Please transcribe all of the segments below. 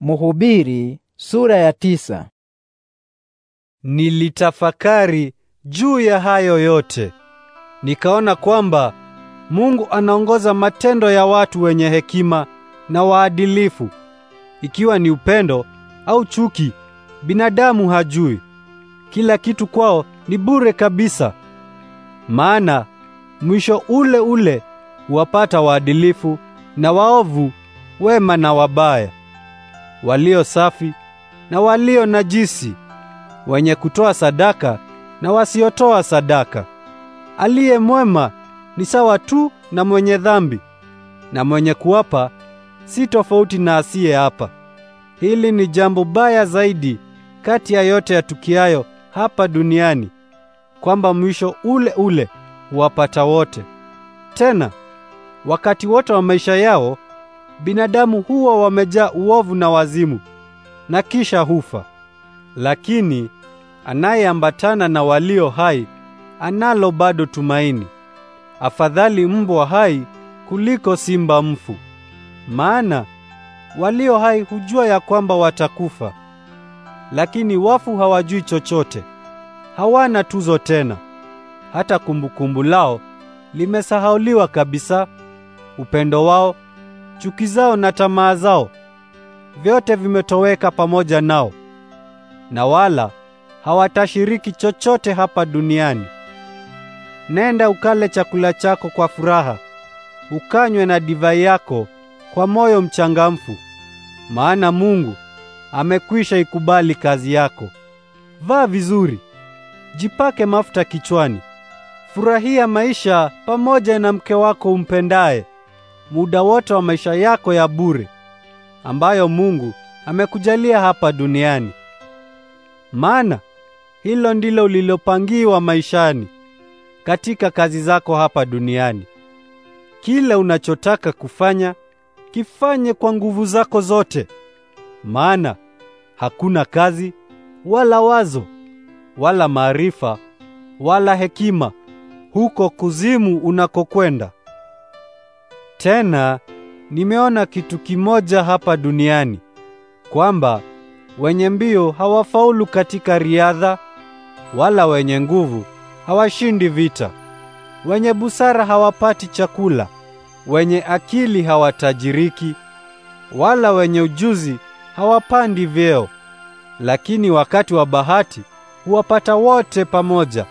Mhubiri sura ya tisa. Nilitafakari juu ya hayo yote, nikaona kwamba Mungu anaongoza matendo ya watu wenye hekima na waadilifu, ikiwa ni upendo au chuki, binadamu hajui. Kila kitu kwao ni bure kabisa, maana mwisho ule ule huwapata waadilifu na waovu, wema na wabaya walio safi na walio najisi, wenye kutoa sadaka na wasiotoa sadaka. Aliye mwema ni sawa tu na mwenye dhambi, na mwenye kuapa si tofauti na apa Hili ni jambo baya zaidi kati ya yote yatukiayo hapa duniani, kwamba mwisho ule ule huwapata wote. Tena wakati wote wa maisha yao binadamu huwa wamejaa uovu na wazimu na kisha hufa. Lakini anayeambatana na walio hai analo bado tumaini. Afadhali mbwa hai kuliko simba mfu. Maana walio hai hujua ya kwamba watakufa, lakini wafu hawajui chochote. Hawana tuzo tena, hata kumbukumbu lao limesahauliwa kabisa. Upendo wao chuki zao na tamaa zao vyote vimetoweka pamoja nao, na wala hawatashiriki chochote hapa duniani. Nenda ukale chakula chako kwa furaha, ukanywe na divai yako kwa moyo mchangamfu, maana Mungu amekwisha ikubali kazi yako. Vaa vizuri, jipake mafuta kichwani, furahia maisha pamoja na mke wako umpendaye muda wote wa maisha yako ya bure ambayo Mungu amekujalia hapa duniani. Maana hilo ndilo ulilopangiwa maishani katika kazi zako hapa duniani. Kila unachotaka kufanya kifanye kwa nguvu zako zote, maana hakuna kazi wala wazo wala maarifa wala hekima huko kuzimu unakokwenda. Tena nimeona kitu kimoja hapa duniani kwamba wenye mbio hawafaulu katika riadha, wala wenye nguvu hawashindi vita, wenye busara hawapati chakula, wenye akili hawatajiriki, wala wenye ujuzi hawapandi vyeo. Lakini wakati wa bahati huwapata wote pamoja.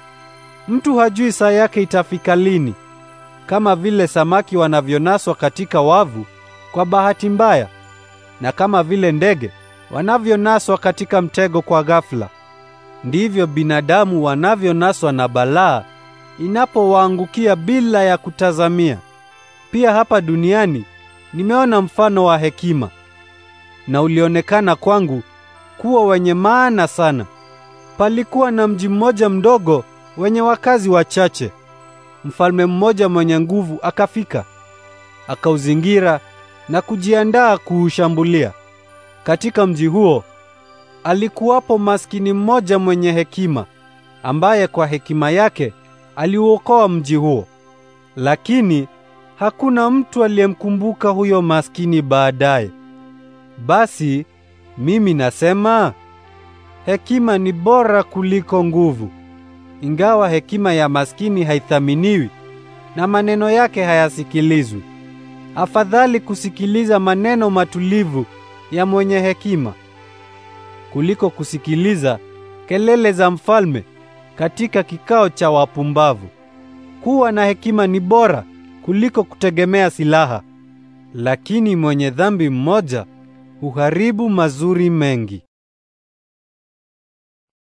Mtu hajui saa yake itafika lini, kama vile samaki wanavyonaswa katika wavu kwa bahati mbaya, na kama vile ndege wanavyonaswa katika mtego kwa ghafla, ndivyo binadamu wanavyonaswa na balaa inapowaangukia bila ya kutazamia. Pia hapa duniani nimeona mfano wa hekima, na ulionekana kwangu kuwa wenye maana sana. Palikuwa na mji mmoja mdogo wenye wakazi wachache mfalme mmoja mwenye nguvu akafika, akauzingira na kujiandaa kuushambulia. Katika mji huo alikuwapo maskini mmoja mwenye hekima, ambaye kwa hekima yake aliuokoa mji huo, lakini hakuna mtu aliyemkumbuka huyo maskini baadaye. Basi mimi nasema hekima ni bora kuliko nguvu ingawa hekima ya maskini haithaminiwi na maneno yake hayasikilizwi. Afadhali kusikiliza maneno matulivu ya mwenye hekima kuliko kusikiliza kelele za mfalme katika kikao cha wapumbavu. Kuwa na hekima ni bora kuliko kutegemea silaha, lakini mwenye dhambi mmoja huharibu mazuri mengi.